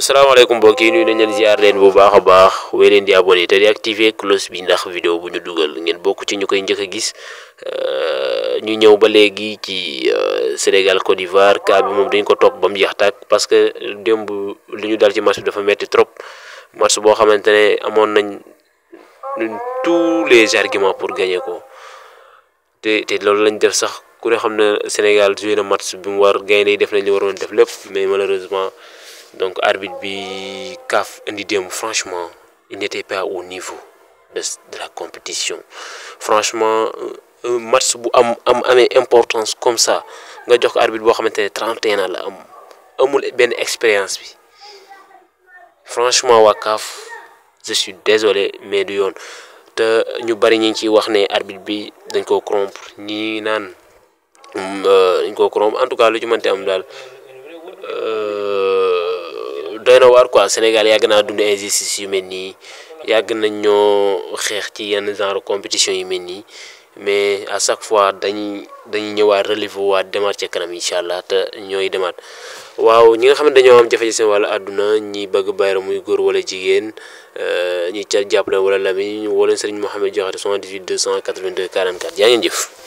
asalaamaaleykum mbokk yi nuyu nañ leen ziar leen bu baax a baax wéy leen di abonné te di activer cloche bi ndax vidéo bu ñu dugal ngeen bokk ci ñu koy njëkk a gis euh, ñu ñëw ba léegi ci euh, Sénégal Côte d'Ivoire cas bi moom dañ ko topp ba mu jeex tàkk parce que bu lu ñu dal ci match bi dafa metti trop match boo xamante ne amoon nañ tous les arguments pour gagner ko te te loolu lañ def sax ku ne xam ne Sénégal joué na match bi mu war gaynde yi def nañ li waroon def lépp mais malheureusement. donc arbitre bi CAF indi franchement il n'était pas au niveau de la compétition franchement euh, match bu am importance comme ça nga jox arbitre bo xamantene 31 ans la am amul ben expérience bi franchement wa CAF je suis désolé mais du yoon te ñu bari ñi ci wax né arbitre bi dañ ko corrompre ñii naan mm, euh, dañ ko corrompre en tout cas lu ci mënti am euh doy na waar quoi Sénégal yàgg naa dund injustice yu mel nii yàgg nañ ñoo xeex ci yenn genre compétition yu mel nii mais à chaque fois dañ dañuy ñëwaat relevé waat demaat ca kanam incha allah te ñooy demaat waaw ñi nga xam ne dañoo am jafe-jafe seen wàllu àdduna ñi bëgg bayra muy góor wala jigéen euh, ñi ca jàppale wala Lamine wala sëriñ Mouhamed Diakhaté 78 282 44 yaa ngeen jëf.